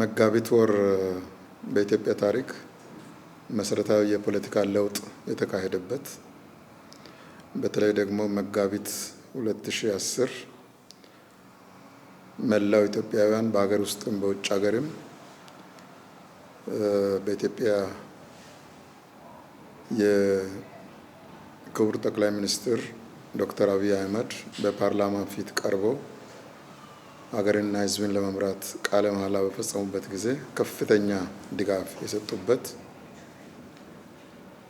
መጋቢት ወር በኢትዮጵያ ታሪክ መሰረታዊ የፖለቲካ ለውጥ የተካሄደበት በተለይ ደግሞ መጋቢት 2010 መላው ኢትዮጵያውያን በሀገር ውስጥም በውጭ ሀገርም በኢትዮጵያ የክቡር ጠቅላይ ሚኒስትር ዶክተር አብይ አህመድ በፓርላማ ፊት ቀርቦ ሀገርንና ሕዝብን ለመምራት ቃለ መሐላ በፈጸሙበት ጊዜ ከፍተኛ ድጋፍ የሰጡበት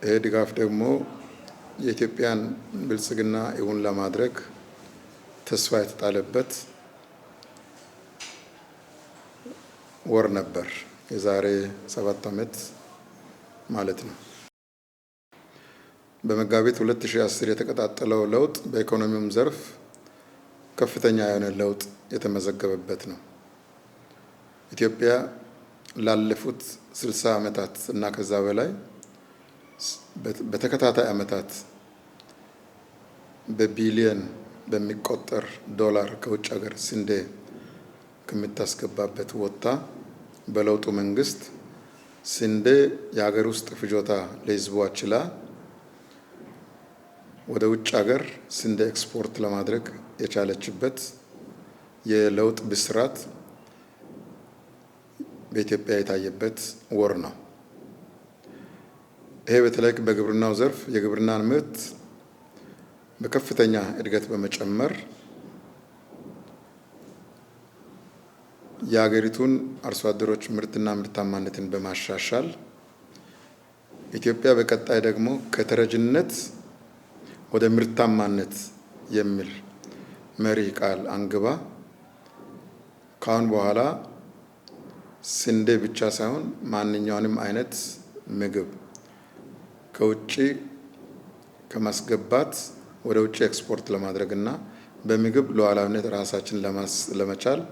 ይህ ድጋፍ ደግሞ የኢትዮጵያን ብልጽግና እውን ለማድረግ ተስፋ የተጣለበት ወር ነበር። የዛሬ ሰባት ዓመት ማለት ነው። በመጋቢት 2010 የተቀጣጠለው ለውጥ በኢኮኖሚውም ዘርፍ ከፍተኛ የሆነ ለውጥ የተመዘገበበት ነው። ኢትዮጵያ ላለፉት 60 ዓመታት እና ከዛ በላይ በተከታታይ ዓመታት በቢሊየን በሚቆጠር ዶላር ከውጭ ሀገር ስንዴ ከምታስገባበት ወጥታ በለውጡ መንግስት ስንዴ የሀገር ውስጥ ፍጆታ ለሕዝቧ ችላ ወደ ውጭ ሀገር ስንዴ ኤክስፖርት ለማድረግ የቻለችበት የለውጥ ብስራት በኢትዮጵያ የታየበት ወር ነው። ይሄ በተለይ በግብርናው ዘርፍ የግብርናን ምርት በከፍተኛ እድገት በመጨመር የሀገሪቱን አርሶ አደሮች ምርትና ምርታማነትን በማሻሻል ኢትዮጵያ በቀጣይ ደግሞ ከተረጅነት ወደ ምርታማነት የሚል መሪ ቃል አንግባ ካሁን በኋላ ስንዴ ብቻ ሳይሆን ማንኛውንም አይነት ምግብ ከውጭ ከማስገባት ወደ ውጭ ኤክስፖርት ለማድረግ እና በምግብ ሉዓላዊነት ራሳችን ለመቻል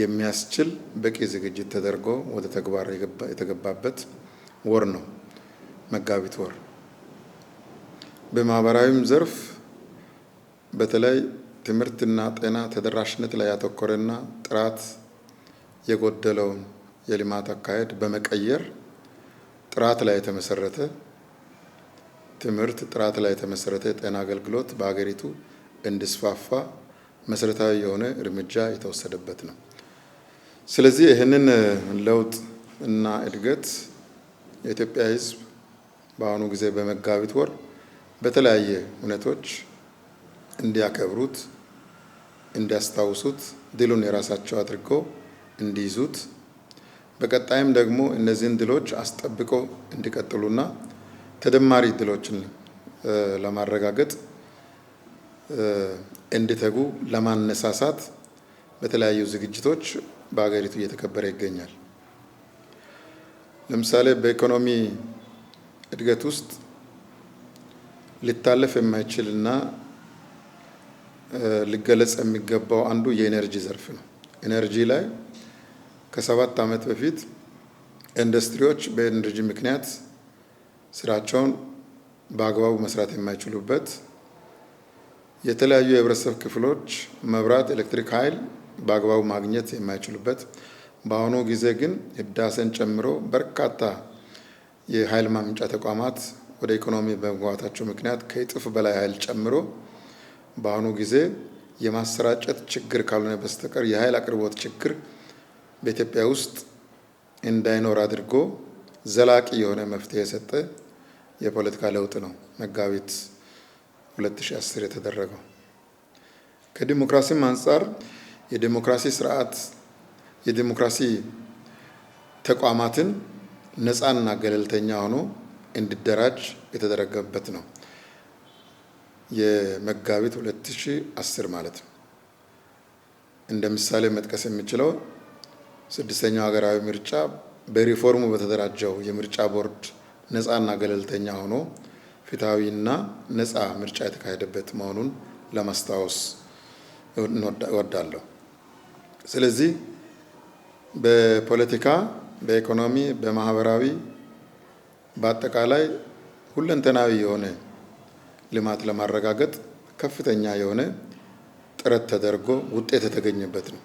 የሚያስችል በቂ ዝግጅት ተደርጎ ወደ ተግባር የተገባበት ወር ነው መጋቢት ወር። በማህበራዊም ዘርፍ በተለይ ትምህርትና ጤና ተደራሽነት ላይ ያተኮረና ጥራት የጎደለውን የልማት አካሄድ በመቀየር ጥራት ላይ የተመሰረተ ትምህርት፣ ጥራት ላይ የተመሰረተ የጤና አገልግሎት በሀገሪቱ እንዲስፋፋ መሰረታዊ የሆነ እርምጃ የተወሰደበት ነው። ስለዚህ ይህንን ለውጥ እና እድገት የኢትዮጵያ ሕዝብ በአሁኑ ጊዜ በመጋቢት ወር በተለያየ እውነቶች እንዲያከብሩት፣ እንዲያስታውሱት፣ ድሉን የራሳቸው አድርገው እንዲይዙት በቀጣይም ደግሞ እነዚህን ድሎች አስጠብቀው እንዲቀጥሉና ተደማሪ ድሎችን ለማረጋገጥ እንዲተጉ ለማነሳሳት በተለያዩ ዝግጅቶች በሀገሪቱ እየተከበረ ይገኛል። ለምሳሌ በኢኮኖሚ እድገት ውስጥ ሊታለፍ የማይችልና ሊገለጽ የሚገባው አንዱ የኤነርጂ ዘርፍ ነው። ኤነርጂ ላይ ከሰባት ዓመት በፊት ኢንዱስትሪዎች በኤነርጂ ምክንያት ስራቸውን በአግባቡ መስራት የማይችሉበት የተለያዩ የህብረተሰብ ክፍሎች መብራት፣ ኤሌክትሪክ ኃይል በአግባቡ ማግኘት የማይችሉበት በአሁኑ ጊዜ ግን ህዳሴን ጨምሮ በርካታ የኃይል ማምንጫ ተቋማት ወደ ኢኮኖሚ በመግባታቸው ምክንያት ከእጥፍ በላይ ኃይል ጨምሮ በአሁኑ ጊዜ የማሰራጨት ችግር ካልሆነ በስተቀር የኃይል አቅርቦት ችግር በኢትዮጵያ ውስጥ እንዳይኖር አድርጎ ዘላቂ የሆነ መፍትሄ የሰጠ የፖለቲካ ለውጥ ነው መጋቢት 2010 የተደረገው። ከዲሞክራሲም አንጻር የዲሞክራሲ ስርዓት የዲሞክራሲ ተቋማትን ነፃና ገለልተኛ ሆኖ እንዲደራጅ የተደረገበት ነው። የመጋቢት 2010 ማለት ነው። እንደ ምሳሌ መጥቀስ የሚችለው ስድስተኛው ሀገራዊ ምርጫ በሪፎርሙ በተደራጀው የምርጫ ቦርድ ነፃና ገለልተኛ ሆኖ ፍትሐዊና ነፃ ምርጫ የተካሄደበት መሆኑን ለማስታወስ እወዳለሁ። ስለዚህ በፖለቲካ፣ በኢኮኖሚ፣ በማህበራዊ በአጠቃላይ ሁለንተናዊ የሆነ ልማት ለማረጋገጥ ከፍተኛ የሆነ ጥረት ተደርጎ ውጤት የተገኘበት ነው።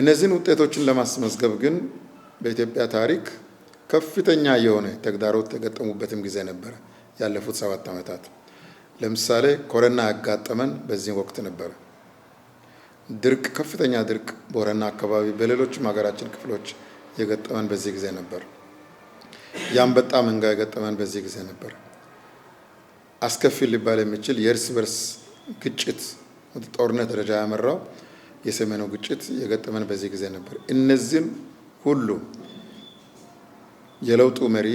እነዚህን ውጤቶችን ለማስመዝገብ ግን በኢትዮጵያ ታሪክ ከፍተኛ የሆነ ተግዳሮት ተገጠሙበትም ጊዜ ነበረ። ያለፉት ሰባት ዓመታት ለምሳሌ ኮረና ያጋጠመን በዚህ ወቅት ነበረ። ድርቅ፣ ከፍተኛ ድርቅ በወረና አካባቢ፣ በሌሎችም ሀገራችን ክፍሎች የገጠመን በዚህ ጊዜ ነበር። የአንበጣ መንጋ የገጠመን በዚህ ጊዜ ነበር። አስከፊ ሊባል የሚችል የእርስ በርስ ግጭት ጦርነት ደረጃ ያመራው የሰሜኑ ግጭት የገጠመን በዚህ ጊዜ ነበር። እነዚህም ሁሉ የለውጡ መሪ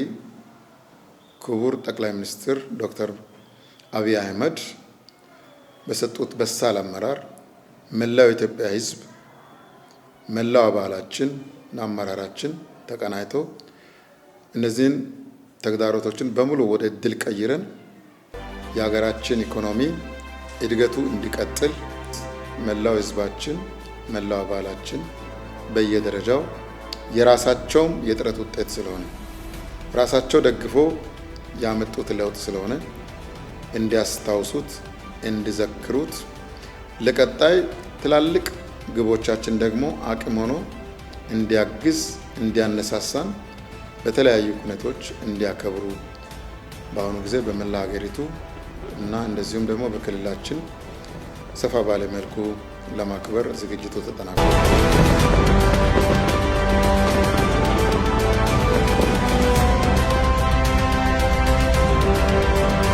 ክቡር ጠቅላይ ሚኒስትር ዶክተር አብይ አህመድ በሰጡት በሳል አመራር መላው የኢትዮጵያ ሕዝብ መላው አባላችን እና አመራራችን ተቀናይተው እነዚህን ተግዳሮቶችን በሙሉ ወደ እድል ቀይረን የሀገራችን ኢኮኖሚ እድገቱ እንዲቀጥል መላው ህዝባችን መላው አባላችን በየደረጃው የራሳቸውም የጥረት ውጤት ስለሆነ ራሳቸው ደግፎ ያመጡት ለውጥ ስለሆነ እንዲያስታውሱት፣ እንዲዘክሩት ለቀጣይ ትላልቅ ግቦቻችን ደግሞ አቅም ሆኖ እንዲያግዝ እንዲያነሳሳን በተለያዩ ኩነቶች እንዲያከብሩ በአሁኑ ጊዜ በመላ ሀገሪቱ እና እንደዚሁም ደግሞ በክልላችን ሰፋ ባለ መልኩ ለማክበር ዝግጅቱ ተጠናቋል።